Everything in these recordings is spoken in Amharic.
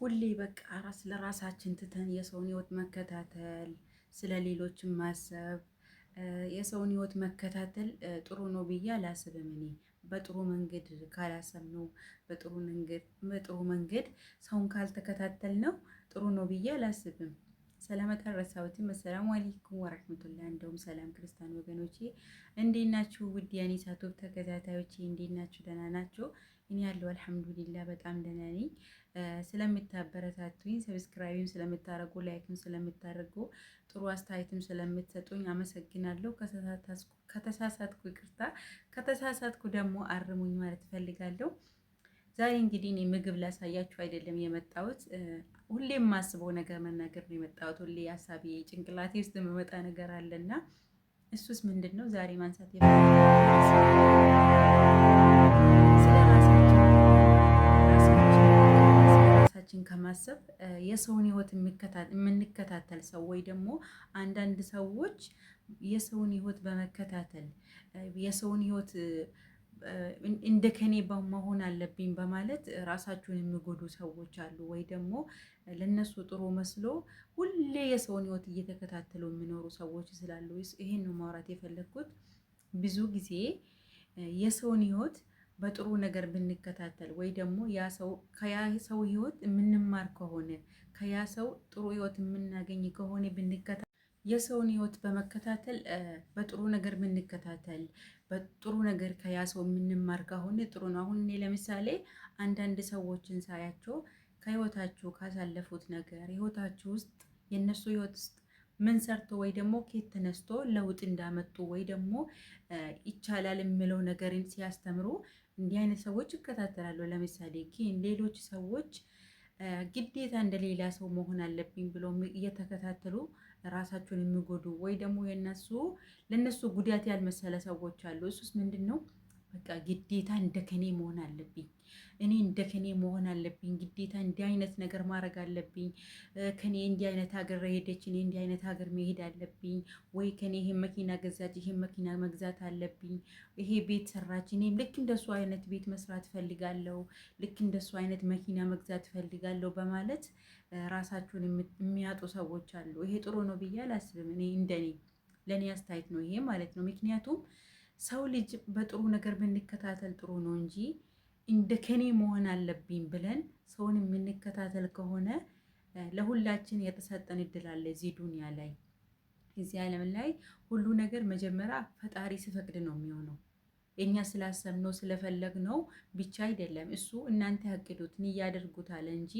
ሁሌ በቃ ራስ ለራሳችን ትተን የሰውን ህይወት መከታተል፣ ስለ ሌሎችን ማሰብ፣ የሰውን ህይወት መከታተል ጥሩ ነው ብዬ አላስብም። እኔ በጥሩ መንገድ ካላሰብነው በጥሩ መንገድ በጥሩ መንገድ ሰውን ካልተከታተል ነው ጥሩ ነው ብዬ አላስብም። ሰላመት አረሳሁትም። አሰላሙ አለይኩም ወራህመቱላህ። እንደውም ሰላም ክርስቲያን ወገኖቼ እንዴት ናችሁ? ውድ የአኒሳ ቶፕ ተከታታዮቼ እንዴት ናችሁ? ደህና ናቸው። እኔ ያለው አልሐምዱሊላህ በጣም ደህና ነኝ። ስለምታበረታቱኝ፣ ሰብስክራይብም ስለምታደርጉ፣ ላይክም ስለምታደርጉ፣ ጥሩ አስተያየትም ስለምትሰጡኝ አመሰግናለሁ። ከተሳሳትኩ ይቅርታ፣ ከተሳሳትኩ ደግሞ አርሙኝ ማለት እፈልጋለሁ። ዛሬ እንግዲህ እኔ ምግብ ላሳያችሁ አይደለም የመጣሁት። ሁሌም የማስበው ነገር መናገር ነው የመጣሁት። ሁሌ ሀሳቢ ጭንቅላቴ ውስጥ የምመጣ ነገር አለና እሱስ ምንድን ነው ዛሬ ማንሳት ስናስብ የሰውን ህይወት የምንከታተል ሰው ወይ ደግሞ አንዳንድ ሰዎች የሰውን ህይወት በመከታተል የሰውን ህይወት እንደ ከኔ መሆን አለብኝ በማለት ራሳቸውን የሚጎዱ ሰዎች አሉ። ወይ ደግሞ ለነሱ ጥሩ መስሎ ሁሌ የሰውን ህይወት እየተከታተሉ የሚኖሩ ሰዎች ስላሉ ይህን ማውራት የፈለግኩት ብዙ ጊዜ የሰውን ህይወት በጥሩ ነገር ብንከታተል ወይ ደግሞ ከያ ሰው ህይወት የምንማር ከሆነ ከያ ሰው ጥሩ ህይወት የምናገኝ ከሆነ ብንከታ የሰውን ህይወት በመከታተል በጥሩ ነገር ብንከታተል በጥሩ ነገር ከያ ሰው የምንማር ከሆነ ጥሩ ነው። አሁን እኔ ለምሳሌ አንዳንድ ሰዎችን ሳያቸው ከህይወታችሁ ካሳለፉት ነገር ህይወታችሁ ውስጥ የእነሱ ህይወት ውስጥ ምን ሰርቶ ወይ ደግሞ ኬት ተነስቶ ለውጥ እንዳመጡ ወይ ደግሞ ይቻላል የምለው ነገርን ሲያስተምሩ እንዲህ አይነት ሰዎች እከታተላለሁ። ለምሳሌ ግን ሌሎች ሰዎች ግዴታ እንደሌላ ሰው መሆን አለብኝ ብሎ እየተከታተሉ ራሳቸውን የሚጎዱ ወይ ደግሞ የነሱ ለነሱ ጉዳት ያልመሰለ ሰዎች አሉ። እሱስ ምንድን ነው? በቃ ግዴታ እንደ ከኔ መሆን አለብኝ፣ እኔ እንደ ከኔ መሆን አለብኝ፣ ግዴታ እንዲህ አይነት ነገር ማድረግ አለብኝ፣ ከኔ እንዲህ አይነት ሀገር ሄደች፣ እኔ እንዲህ አይነት ሀገር መሄድ አለብኝ ወይ ከኔ ይሄን መኪና ገዛች፣ ይሄን መኪና መግዛት አለብኝ፣ ይሄ ቤት ሰራች፣ እኔም ልክ እንደሱ አይነት ቤት መስራት ፈልጋለሁ፣ ልክ እንደሱ አይነት መኪና መግዛት ፈልጋለሁ በማለት ራሳችሁን የሚያጡ ሰዎች አሉ። ይሄ ጥሩ ነው ብዬ አላስብም። እኔ እንደኔ ለእኔ አስተያየት ነው ይሄ ማለት ነው። ምክንያቱም ሰው ልጅ በጥሩ ነገር ብንከታተል ጥሩ ነው እንጂ እንደ ከኔ መሆን አለብኝ ብለን ሰውን የምንከታተል ከሆነ ለሁላችን የተሰጠን እድል አለ እዚህ ዱንያ ላይ እዚህ ዓለም ላይ ሁሉ ነገር መጀመሪያ ፈጣሪ ሲፈቅድ ነው የሚሆነው። እኛ ስላሰብነው ስለፈለግነው ብቻ አይደለም። እሱ እናንተ ያቅዱት እያደርጉታል እንጂ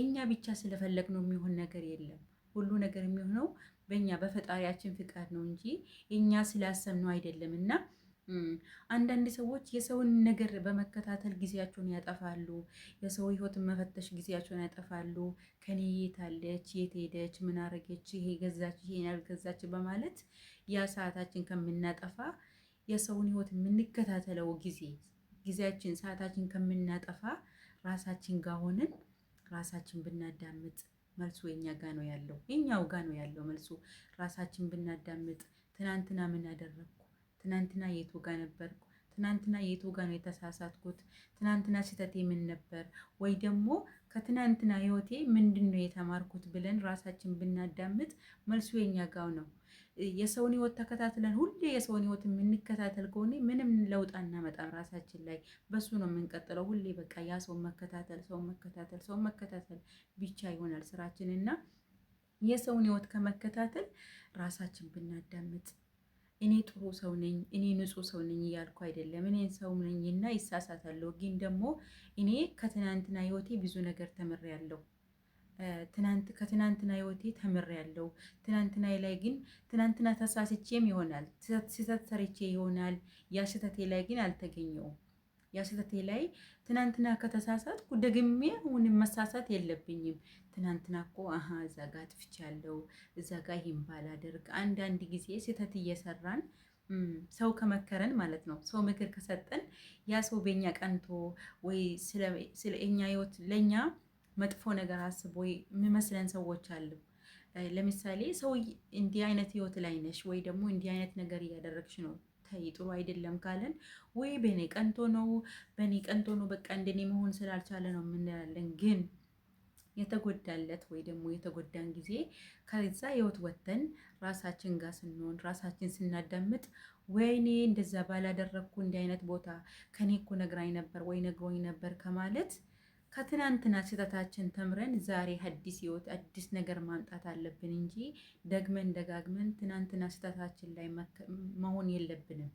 እኛ ብቻ ስለፈለግነው የሚሆን ነገር የለም። ሁሉ ነገር የሚሆነው በእኛ በፈጣሪያችን ፍቃድ ነው እንጂ እኛ ስላሰብነው አይደለም እና አንዳንድ ሰዎች የሰውን ነገር በመከታተል ጊዜያቸውን ያጠፋሉ። የሰው ህይወት መፈተሽ ጊዜያቸውን ያጠፋሉ። ከኔ የት አለች፣ የት ሄደች፣ ምን አረገች፣ ይሄ ገዛች፣ ይሄ ያልገዛች በማለት ያ ሰዓታችን ከምናጠፋ የሰውን ህይወት የምንከታተለው ጊዜ ጊዜያችን ሰዓታችን ከምናጠፋ ራሳችን ጋር ሆነን ራሳችን ብናዳምጥ መልሱ የኛ ጋ ነው ያለው፣ የኛው ጋ ነው ያለው መልሱ። ራሳችን ብናዳምጥ ትናንትና ምን አደረግኩ፣ ትናንትና የቱ ጋ ነበርኩ፣ ትናንትና የቱ ጋ ነው የተሳሳትኩት፣ ትናንትና ስህተቴ ምን ነበር፣ ወይ ደግሞ ከትናንትና ህይወቴ ምንድን ነው የተማርኩት ብለን ራሳችን ብናዳምጥ መልሱ የኛ ጋው ነው። የሰውን ህይወት ተከታትለን ሁሌ የሰውን ህይወት የምንከታተል ከሆነ ምንም ለውጥ አናመጣም። ራሳችን ላይ በሱ ነው የምንቀጥለው። ሁሌ በቃ ያ ሰው መከታተል ሰው መከታተል ሰው መከታተል ብቻ ይሆናል ስራችን እና የሰውን ህይወት ከመከታተል ራሳችን ብናዳምጥ እኔ ጥሩ ሰው ነኝ፣ እኔ ንጹህ ሰው ነኝ እያልኩ አይደለም። እኔ ሰው ነኝ እና ይሳሳታለሁ፣ ግን ደግሞ እኔ ከትናንትና ህይወቴ ብዙ ነገር ተምሬያለሁ። ትናንት ከትናንትና ህይወቴ ተምሬያለሁ። ትናንትና ላይ ግን ትናንትና ተሳስቼም ይሆናል ስህተት ሰርቼ ይሆናል። ያ ስህተቴ ላይ ግን አልተገኘውም። ያ ስህተቴ ላይ ትናንትና ከተሳሳትኩ ደግሜ አሁንም መሳሳት የለብኝም። ትናንትና እኮ አሀ እዛ ጋ አጥፍቻለሁ፣ እዛ ጋ ይህን ባላደርግ። አንዳንድ ጊዜ ስህተት እየሰራን ሰው ከመከረን ማለት ነው፣ ሰው ምክር ከሰጠን ያ ሰው በኛ ቀንቶ ወይ ስለ እኛ ህይወት ለእኛ መጥፎ ነገር አስቦ የሚመስለን ሰዎች አሉ። ለምሳሌ ሰው እንዲህ አይነት ህይወት ላይ ነሽ ወይ ደግሞ እንዲህ አይነት ነገር እያደረግሽ ነው ተይ ጥሩ አይደለም ካለን ወይ በኔ ቀንቶ ነው በኔ ቀንቶ ነው በቃ እንደኔ መሆን ስላልቻለ ነው የምንላለን። ግን የተጎዳለት ወይ ደግሞ የተጎዳን ጊዜ ከዛ ህይወት ወጥተን ራሳችን ጋር ስንሆን ራሳችን ስናዳምጥ ወይኔ እንደዛ ባላደረግኩ እንዲህ አይነት ቦታ ከኔ እኮ ነግራኝ ነበር ወይ ነግሮኝ ነበር ከማለት ከትናንትና ስህተታችን ተምረን ዛሬ አዲስ ህይወት አዲስ ነገር ማምጣት አለብን እንጂ ደግመን ደጋግመን ትናንትና ስህተታችን ላይ መሆን የለብንም።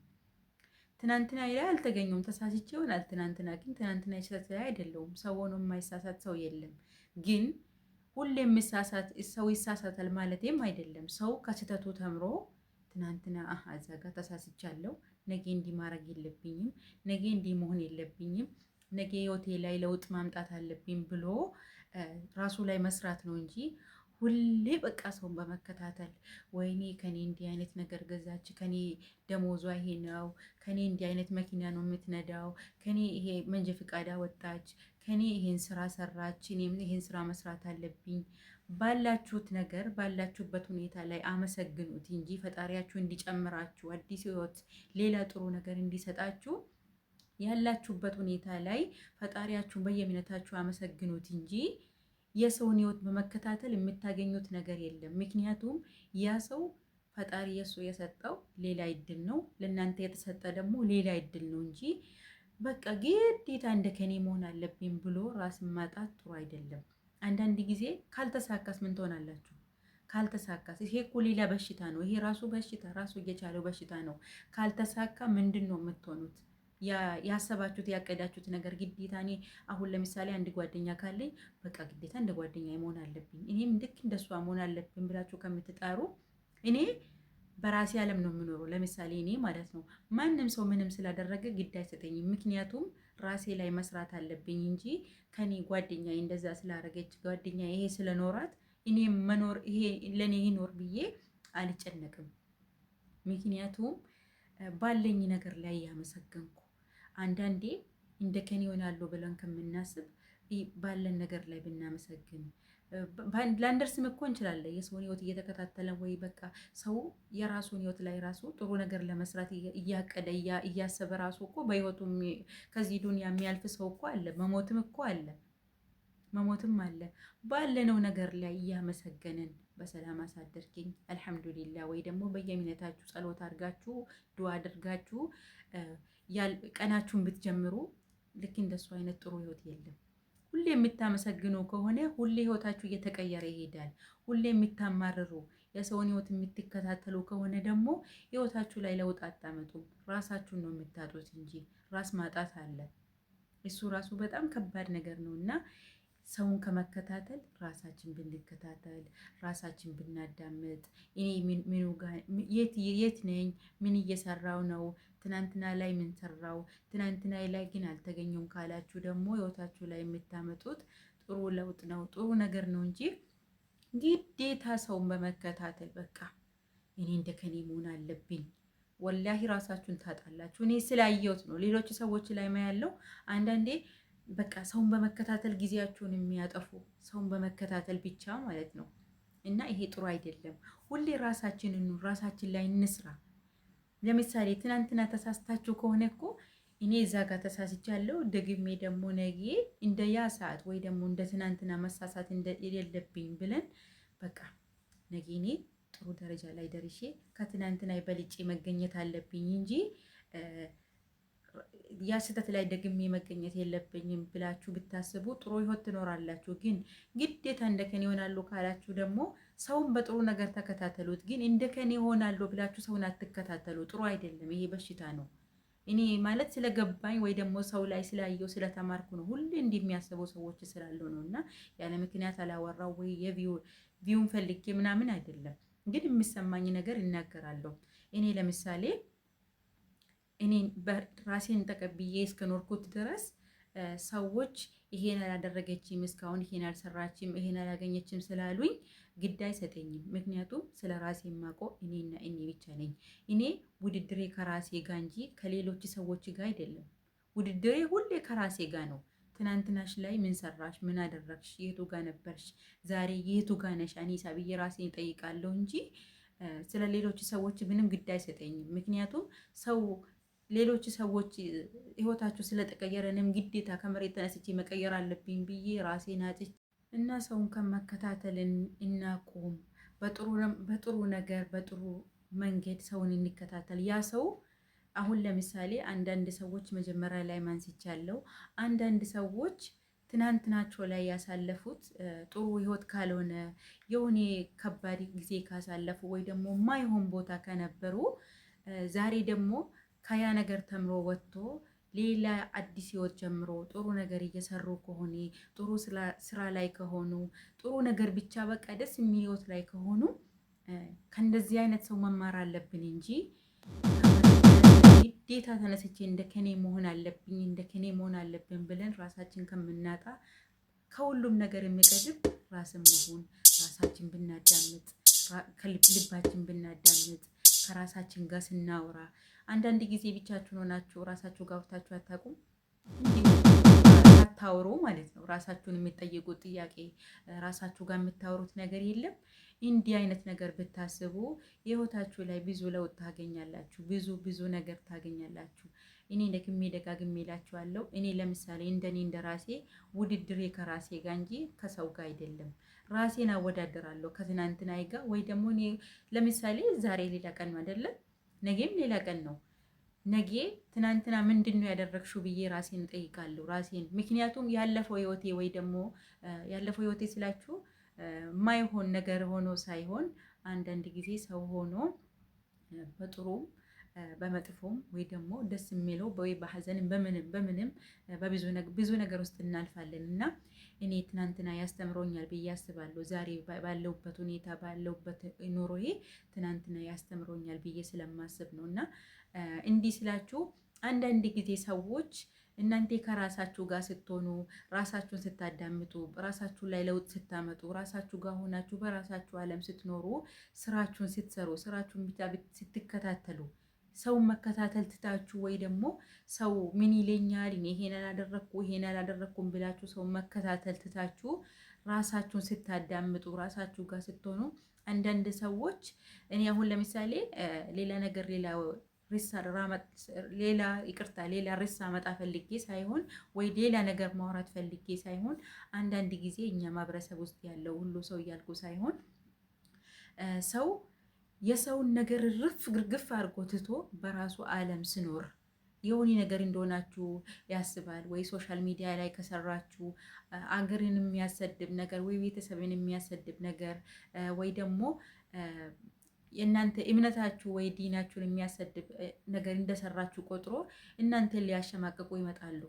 ትናንትና ላይ አልተገኘውም ተሳስቼ ይሆናል። ትናንትና ግን ትናንትና ስህተት ላይ አይደለውም። ሰው ሆኖ የማይሳሳት ሰው የለም። ግን ሁሌም የሚሳሳት ሰው ይሳሳታል ማለትም አይደለም። ሰው ከስህተቱ ተምሮ ትናንትና አሃ እዛ ጋር ተሳስቻለሁ፣ ነገ እንዲህ ማድረግ የለብኝም፣ ነገ እንዲህ መሆን የለብኝም ነገ ህይወቴ ላይ ለውጥ ማምጣት አለብኝ ብሎ ራሱ ላይ መስራት ነው እንጂ ሁሌ በቃ ሰውን በመከታተል ወይኔ ከኔ እንዲህ አይነት ነገር ገዛች፣ ከኔ ደሞዟ ይሄ ነው፣ ከኔ እንዲህ አይነት መኪና ነው የምትነዳው፣ ከኔ ይሄ መንጀ ፍቃዳ ወጣች፣ ከኔ ይሄን ስራ ሰራች፣ እኔም ይሄን ስራ መስራት አለብኝ። ባላችሁት ነገር ባላችሁበት ሁኔታ ላይ አመሰግኑት እንጂ ፈጣሪያችሁ እንዲጨምራችሁ አዲስ ህይወት ሌላ ጥሩ ነገር እንዲሰጣችሁ ያላችሁበት ሁኔታ ላይ ፈጣሪያችሁን በየሚነታችሁ አመሰግኑት እንጂ የሰውን ህይወት በመከታተል የምታገኙት ነገር የለም። ምክንያቱም ያ ሰው ፈጣሪ የሱ የሰጠው ሌላ እድል ነው፣ ለእናንተ የተሰጠ ደግሞ ሌላ እድል ነው እንጂ በቃ ግዴታ እንደ ከኔ መሆን አለብኝ ብሎ ራስን ማጣት ጥሩ አይደለም። አንዳንድ ጊዜ ካልተሳካስ ምን ትሆናላችሁ? ካልተሳካስ ይሄ እኮ ሌላ በሽታ ነው። ይሄ ራሱ በሽታ ራሱ እየቻለው በሽታ ነው። ካልተሳካ ምንድን ነው የምትሆኑት? ያሰባችሁት ያቀዳችሁት ነገር ግዴታ እኔ አሁን ለምሳሌ አንድ ጓደኛ ካለኝ በቃ ግዴታ እንደ ጓደኛ መሆን አለብኝ እኔም ልክ እንደሷ መሆን አለብኝ ብላችሁ ከምትጣሩ እኔ በራሴ ዓለም ነው የምኖረው። ለምሳሌ እኔ ማለት ነው ማንም ሰው ምንም ስላደረገ ግድ አይሰጠኝም። ምክንያቱም ራሴ ላይ መስራት አለብኝ እንጂ ከኔ ጓደኛ እንደዛ ስላደረገች ጓደኛ ይሄ ስለኖራት እኔ መኖር ይሄ ለእኔ ይኖር ብዬ አልጨነቅም። ምክንያቱም ባለኝ ነገር ላይ ያመሰገንኩ አንዳንዴ እንደ ከን ይሆናሉ ብለን ከምናስብ ባለን ነገር ላይ ብናመሰግን ላንደርስም እኮ እንችላለን። የሰውን ህይወት እየተከታተለ ወይ በቃ ሰው የራሱን ህይወት ላይ ራሱ ጥሩ ነገር ለመስራት እያቀደ እያሰበ ራሱ እኮ በህይወቱ ከዚህ ዱንያ የሚያልፍ ሰው እኮ አለ። መሞትም እኮ አለ፣ መሞትም አለ። ባለነው ነገር ላይ እያመሰገንን በሰላም አሳደርኪኝ አልሐምዱሊላ፣ ወይ ደግሞ በየሚነታችሁ ጸሎት አድርጋችሁ ዱዓ አድርጋችሁ ቀናችሁን ብትጀምሩ ልክ እንደሱ አይነት ጥሩ ህይወት የለም። ሁሌ የምታመሰግኑ ከሆነ ሁሌ ህይወታችሁ እየተቀየረ ይሄዳል። ሁሌ የምታማርሩ የሰውን ህይወት የምትከታተሉ ከሆነ ደግሞ ህይወታችሁ ላይ ለውጥ አታመጡ፣ ራሳችሁን ነው የምታጡት እንጂ ራስ ማጣት አለ። እሱ ራሱ በጣም ከባድ ነገር ነው እና ሰውን ከመከታተል ራሳችን ብንከታተል ራሳችን ብናዳምጥ፣ እኔ የት ነኝ? ምን እየሰራው ነው? ትናንትና ላይ ምን ሰራው፣ ትናንትና ላይ ግን አልተገኘም ካላችሁ ደግሞ ህይወታችሁ ላይ የምታመጡት ጥሩ ለውጥ ነው፣ ጥሩ ነገር ነው እንጂ ግዴታ ሰውን በመከታተል በቃ እኔ እንደ ከኔ መሆን አለብኝ። ወላሂ ራሳችሁን ታጣላችሁ። እኔ ስላየሁት ነው፣ ሌሎች ሰዎች ላይ ማያለው። አንዳንዴ በቃ ሰውን በመከታተል ጊዜያችሁን የሚያጠፉ ሰውን በመከታተል ብቻ ማለት ነው። እና ይሄ ጥሩ አይደለም። ሁሌ ራሳችንን ራሳችን ላይ እንስራ። ለምሳሌ ትናንትና ተሳስታችሁ ከሆነ እኮ እኔ እዛ ጋር ተሳስቻለሁ፣ ደግሜ ደግሞ ነገ እንደ ያ ሰዓት ወይ ደግሞ እንደ ትናንትና መሳሳት የሌለብኝ ብለን በቃ ነገ እኔ ጥሩ ደረጃ ላይ ደርሼ ከትናንትና በልጬ መገኘት አለብኝ እንጂ ያ ስህተት ላይ ደግሜ መገኘት የለብኝም ብላችሁ ብታስቡ ጥሩ ህይወት ትኖራላችሁ። ግን ግዴታ እንደከን ይሆናሉ ካላችሁ ደግሞ ሰውን በጥሩ ነገር ተከታተሉት። ግን እንደከን ይሆናሉ ብላችሁ ሰውን አትከታተሉ። ጥሩ አይደለም፣ ይሄ በሽታ ነው። እኔ ማለት ስለገባኝ ወይ ደግሞ ሰው ላይ ስላየው ስለተማርኩ ነው ሁሌ እንዲህ ሰዎች ስላሉ ነው። እና ያለ ምክንያት አላወራው ወይ የቪውን ፈልጌ ምናምን አይደለም። ግን የሚሰማኝ ነገር እናገራለሁ። እኔ ለምሳሌ እኔን ራሴን ተቀብዬ እስከኖርኩት ድረስ ሰዎች ይሄን አላደረገችም፣ እስካሁን ይሄን አልሰራችም፣ ይሄን አላገኘችም ስላሉኝ ግድ አይሰጠኝም። ምክንያቱም ስለ ራሴ የማውቀው እኔና እኔ ብቻ ነኝ። እኔ ውድድሬ ከራሴ ጋር እንጂ ከሌሎች ሰዎች ጋር አይደለም። ውድድሬ ሁሌ ከራሴ ጋር ነው። ትናንትናሽ ላይ ምን ሰራሽ? ምን አደረግሽ? የቱ ጋ ነበርሽ? ዛሬ የቱ ጋ ነሽ? እኔ ሳብዬ ራሴን እጠይቃለሁ እንጂ ስለ ሌሎች ሰዎች ምንም ግድ አይሰጠኝም። ምክንያቱም ሰው ሌሎች ሰዎች ህይወታቸው ስለተቀየረ እኔም ግዴታ ከመሬት ተነስቼ መቀየር አለብኝ ብዬ ራሴን አጭቼ እና ሰውን ከመከታተል እናቁም። በጥሩ ነገር በጥሩ መንገድ ሰውን እንከታተል። ያ ሰው አሁን ለምሳሌ አንዳንድ ሰዎች መጀመሪያ ላይ አለው። አንዳንድ ሰዎች ትናንትናቸው ላይ ያሳለፉት ጥሩ ህይወት ካልሆነ የሆነ ከባድ ጊዜ ካሳለፉ ወይ ደግሞ ማይሆን ቦታ ከነበሩ ዛሬ ደግሞ ከያ ነገር ተምሮ ወጥቶ ሌላ አዲስ ህይወት ጀምሮ ጥሩ ነገር እየሰሩ ከሆነ ጥሩ ስራ ላይ ከሆኑ ጥሩ ነገር ብቻ በቃ ደስ የሚል ህይወት ላይ ከሆኑ ከእንደዚህ አይነት ሰው መማር አለብን እንጂ ግዴታ ተነስቼ እንደ ከኔ መሆን አለብኝ እንደ ከኔ መሆን አለብን ብለን ራሳችን ከምናጣ ከሁሉም ነገር የሚቀድም ራስን መሆን ራሳችን ብናዳምጥ፣ ልባችን ብናዳምጥ፣ ከራሳችን ጋር ስናወራ አንዳንድ ጊዜ ብቻችሁን ሆናችሁ ራሳችሁ ጋብታችሁ አታውቁም? አታውሩ ማለት ነው። ራሳችሁን የምትጠይቁት ጥያቄ ራሳችሁ ጋር የምታወሩት ነገር የለም። እንዲህ አይነት ነገር ብታስቡ የህይወታችሁ ላይ ብዙ ለውጥ ታገኛላችሁ። ብዙ ብዙ ነገር ታገኛላችሁ። እኔ ደግሜ ደጋግሜ እላችኋለሁ። እኔ ለምሳሌ እንደኔ እንደ ራሴ ውድድሬ ከራሴ ጋር እንጂ ከሰው ጋር አይደለም። ራሴን አወዳደራለሁ ከትናንትናዬ ጋር ወይ ደግሞ እኔ ለምሳሌ ዛሬ ሌላ ቀን አይደለም ነገም ሌላ ቀን ነው። ነጌ ትናንትና ምንድን ነው ያደረግሽው ብዬ ራሴን እጠይቃለሁ ራሴን። ምክንያቱም ያለፈው ህይወቴ ወይ ደግሞ ያለፈው ህይወቴ ስላችሁ ማይሆን ነገር ሆኖ ሳይሆን አንዳንድ ጊዜ ሰው ሆኖ በጥሩ በመጥፎም ወይ ደግሞ ደስ የሚለው ወይ በሀዘንም በምንም በምንም ብዙ ነገር ውስጥ እናልፋለን እና እኔ ትናንትና ያስተምሮኛል ብዬ አስባለሁ። ዛሬ ባለውበት ሁኔታ ባለውበት ኑሮዬ ትናንትና ያስተምሮኛል ብዬ ስለማስብ ነው። እና እንዲህ ስላችሁ አንዳንድ ጊዜ ሰዎች እናንተ ከራሳችሁ ጋር ስትሆኑ ራሳችሁን ስታዳምጡ ራሳችሁ ላይ ለውጥ ስታመጡ ራሳችሁ ጋር ሆናችሁ በራሳችሁ ዓለም ስትኖሩ ስራችሁን ስትሰሩ ስራችሁን ብቻ ስትከታተሉ ሰውን መከታተል ትታችሁ ወይ ደግሞ ሰው ምን ይለኛል እኔ ይሄን አላደረግኩ ይሄን አላደረግኩም ብላችሁ ሰውን መከታተል ትታችሁ ራሳችሁን ስታዳምጡ ራሳችሁ ጋር ስትሆኑ አንዳንድ ሰዎች እኔ አሁን ለምሳሌ ሌላ ነገር ሌላ ሌላ ይቅርታ ሌላ ርዕስ አመጣ ፈልጌ ሳይሆን ወይ ሌላ ነገር ማውራት ፈልጌ ሳይሆን አንዳንድ ጊዜ እኛ ማህበረሰብ ውስጥ ያለው ሁሉ ሰው እያልኩ ሳይሆን ሰው የሰውን ነገር ርፍ ግርግፍ አድርጎ ትቶ በራሱ ዓለም ስኖር የሆነ ነገር እንደሆናችሁ ያስባል ወይ ሶሻል ሚዲያ ላይ ከሰራችሁ አገርን የሚያሰድብ ነገር ወይ ቤተሰብን የሚያሰድብ ነገር ወይ ደግሞ የእናንተ እምነታችሁ ወይ ዲናችሁን የሚያሰድብ ነገር እንደሰራችሁ ቆጥሮ እናንተን ሊያሸማቅቁ ይመጣሉ።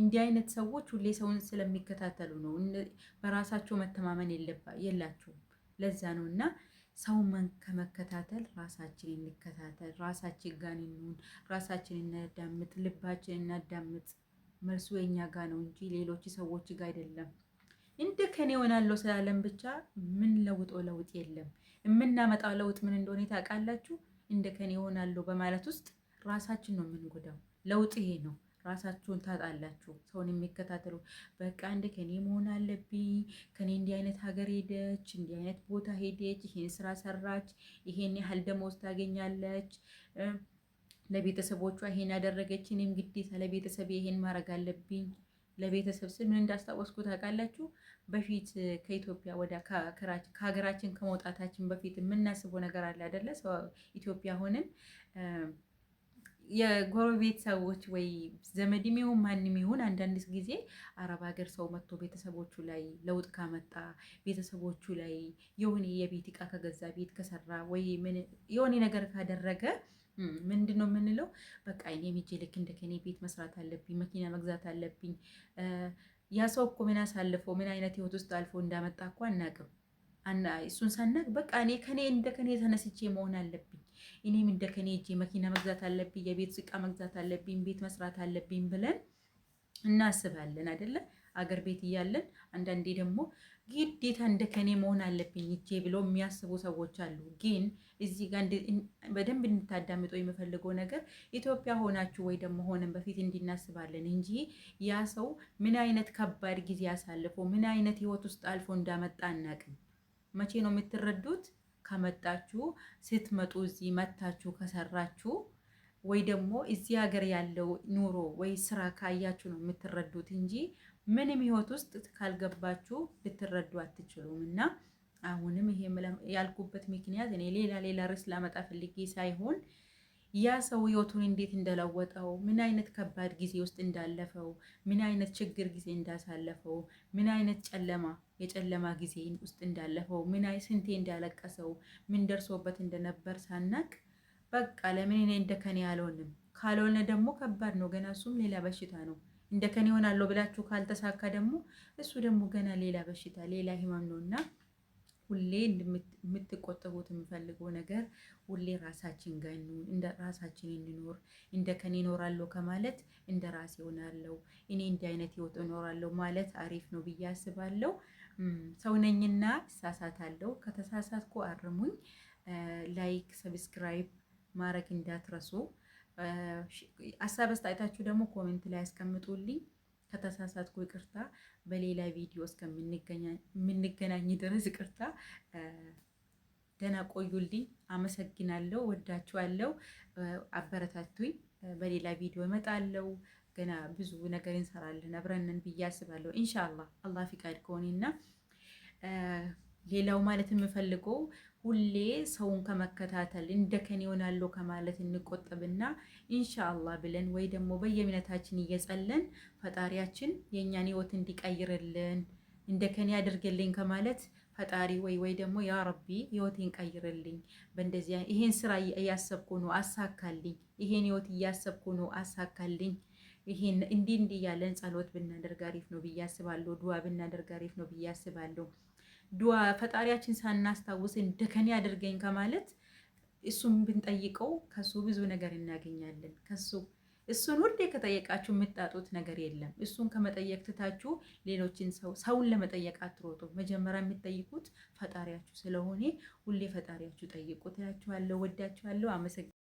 እንዲህ አይነት ሰዎች ሁሌ ሰውን ስለሚከታተሉ ነው። በራሳቸው መተማመን የላችሁም። ለዛ ነው እና ሰው ከመከታተል ራሳችን እንከታተል፣ ራሳችን ጋን እንሁን፣ ራሳችን እናዳምጥ፣ ልባችን እናዳምጥ። መልሱ የኛ ጋ ነው እንጂ ሌሎች ሰዎች ጋ አይደለም። እንደ ከኔ ሆናለሁ ስላለም ብቻ ምን ለውጦ ለውጥ የለም። የምናመጣው ለውጥ ምን እንደሆነ ታውቃላችሁ? እንደ ከኔ ሆናለሁ በማለት ውስጥ ራሳችን ነው የምንጎዳው። ለውጥ ይሄ ነው። ራሳችሁን ታጣላችሁ። ሰውን የሚከታተሉ በቃ እንደ ከኔ መሆን አለብኝ፣ ከኔ እንዲህ አይነት ሀገር ሄደች፣ እንዲህ አይነት ቦታ ሄደች፣ ይሄን ስራ ሰራች፣ ይሄን ያህል ደመወዝ ታገኛለች ለቤተሰቦቿ ይሄን ያደረገች፣ እኔም ግዴታ ለቤተሰብ ይሄን ማድረግ አለብኝ። ለቤተሰብ ስል ምን እንዳስታወስኩ ታውቃላችሁ? በፊት ከኢትዮጵያ ወደ ከሀገራችን ከመውጣታችን በፊት የምናስበው ነገር አለ አይደለ? ኢትዮጵያ ሆንን። የጎረቤት ሰዎች ወይ ዘመድም ይሁን ማንም ይሁን አንዳንድ ጊዜ አረብ ሀገር ሰው መጥቶ ቤተሰቦቹ ላይ ለውጥ ካመጣ ቤተሰቦቹ ላይ የሆነ የቤት እቃ ከገዛ ቤት ከሰራ ወይ የሆነ ነገር ካደረገ ምንድን ነው የምንለው? በቃ እኔም ሂጄ ልክ እንደ ከኔ ቤት መስራት አለብኝ፣ መኪና መግዛት አለብኝ። ያ ሰው እኮ ምን አሳልፎ ምን አይነት ህይወት ውስጥ አልፎ እንዳመጣ እኮ አናቅም። እሱን ሳናቅ በቃ እኔ ከኔ እንደ ከኔ ተነስቼ መሆን አለብኝ እኔም እንደከኔ እጄ መኪና መግዛት አለብኝ፣ የቤት ዕቃ መግዛት አለብኝ፣ ቤት መስራት አለብኝ ብለን እናስባለን አይደለ? አገር ቤት እያለን አንዳንዴ ደግሞ ግዴታ እንደ ከኔ መሆን አለብኝ እጄ ብለው የሚያስቡ ሰዎች አሉ። ግን እዚህ ጋር በደንብ እንድታዳምጠው የምፈልገው ነገር ኢትዮጵያ ሆናችሁ ወይ ደግሞ ሆነን በፊት እንድናስባለን እንጂ ያ ሰው ምን አይነት ከባድ ጊዜ አሳልፎ ምን አይነት ህይወት ውስጥ አልፎ እንዳመጣ አናቅም። መቼ ነው የምትረዱት? ከመጣችሁ ስትመጡ እዚህ መታችሁ ከሰራችሁ ወይ ደግሞ እዚህ ሀገር ያለው ኑሮ ወይ ስራ ካያችሁ ነው የምትረዱት እንጂ ምንም ህይወት ውስጥ ካልገባችሁ ልትረዱ አትችሉም። እና አሁንም ይሄ ያልኩበት ምክንያት እኔ ሌላ ሌላ ርዕስ ላመጣ ፈልጌ ሳይሆን ያ ሰው ህይወቱን እንዴት እንደለወጠው፣ ምን አይነት ከባድ ጊዜ ውስጥ እንዳለፈው፣ ምን አይነት ችግር ጊዜ እንዳሳለፈው፣ ምን አይነት ጨለማ የጨለማ ጊዜ ውስጥ እንዳለፈው ምን አይ ስንቴ እንዳለቀሰው ምን ደርሶበት እንደነበር ሳናቅ በቃ ለምን እኔ እንደከኔ ከኔ አልሆንም ካልሆነ ደግሞ ከባድ ነው። ገና እሱም ሌላ በሽታ ነው። እንደከኔ ይሆናለሁ ሆናለሁ ብላችሁ ካልተሳካ ደግሞ እሱ ደግሞ ገና ሌላ በሽታ ሌላ ህመም ነው እና ሁሌ የምትቆጠቡት የምፈልገው ነገር ሁሌ ራሳችን ጋር እንደ ራሳችን እንኖር። እንደ ከኔ እኖራለሁ ከማለት እንደ ራሴ እሆናለሁ እኔ እንዲህ አይነት ህይወት እኖራለሁ ማለት አሪፍ ነው ብዬ አስባለሁ። ሰው ነኝና እሳሳታለሁ። ከተሳሳትኩ አርሙኝ። ላይክ፣ ሰብስክራይብ ማድረግ እንዳትረሱ። ሀሳብ አስተያየታችሁ ደግሞ ኮሜንት ላይ አስቀምጡልኝ። ከተሳሳትኩ ይቅርታ። በሌላ ቪዲዮ እስከምንገናኝ ድረስ ይቅርታ። ደህና ቆዩልኝ። አመሰግናለሁ። ወዳችኋለሁ። አበረታቱኝ። በሌላ ቪዲዮ እመጣለሁ። ገና ብዙ ነገር እንሰራለን አብረንን ብዬ አስባለሁ። ኢንሻአላህ አላህ ፍቃድ ከሆነና ሌላው ማለት የምፈልገው ሁሌ ሰውን ከመከታተል እንደከን ይሆናሉ ከማለት እንቆጠብና ኢንሻአላህ ብለን ወይ ደግሞ በየእምነታችን እየጸለን ፈጣሪያችን የእኛን ህይወት እንዲቀይርልን እንደከን ያደርግልኝ ከማለት ፈጣሪ ወይ ወይ ደግሞ ያ ረቢ ህይወቴን ቀይርልኝ፣ በእንደዚያ ይሄን ስራ እያሰብኩ ነው አሳካልኝ፣ ይሄን ህይወት እያሰብኩ ነው አሳካልኝ ይሄን እንዲህ እንዲህ ያለን ጸሎት ብናደርግ አሪፍ ነው ብዬ አስባለሁ። ዱዋ ብናደርግ አሪፍ ነው ብዬ አስባለሁ። ዱዋ ፈጣሪያችን ሳናስታውስ እንደከኔ አድርገኝ ከማለት እሱም ብንጠይቀው ከሱ ብዙ ነገር እናገኛለን። ከሱ እሱን ሁሌ ከጠየቃችሁ የምታጡት ነገር የለም። እሱን ከመጠየቅ ትታችሁ ሌሎችን ሰው ሰውን ለመጠየቅ አትሮጡ። መጀመሪያ የምትጠይቁት ፈጣሪያችሁ ስለሆነ ሁሌ ፈጣሪያችሁ ጠይቁ ትላችኋለሁ። ወዳችኋለሁ። አመሰግናለሁ።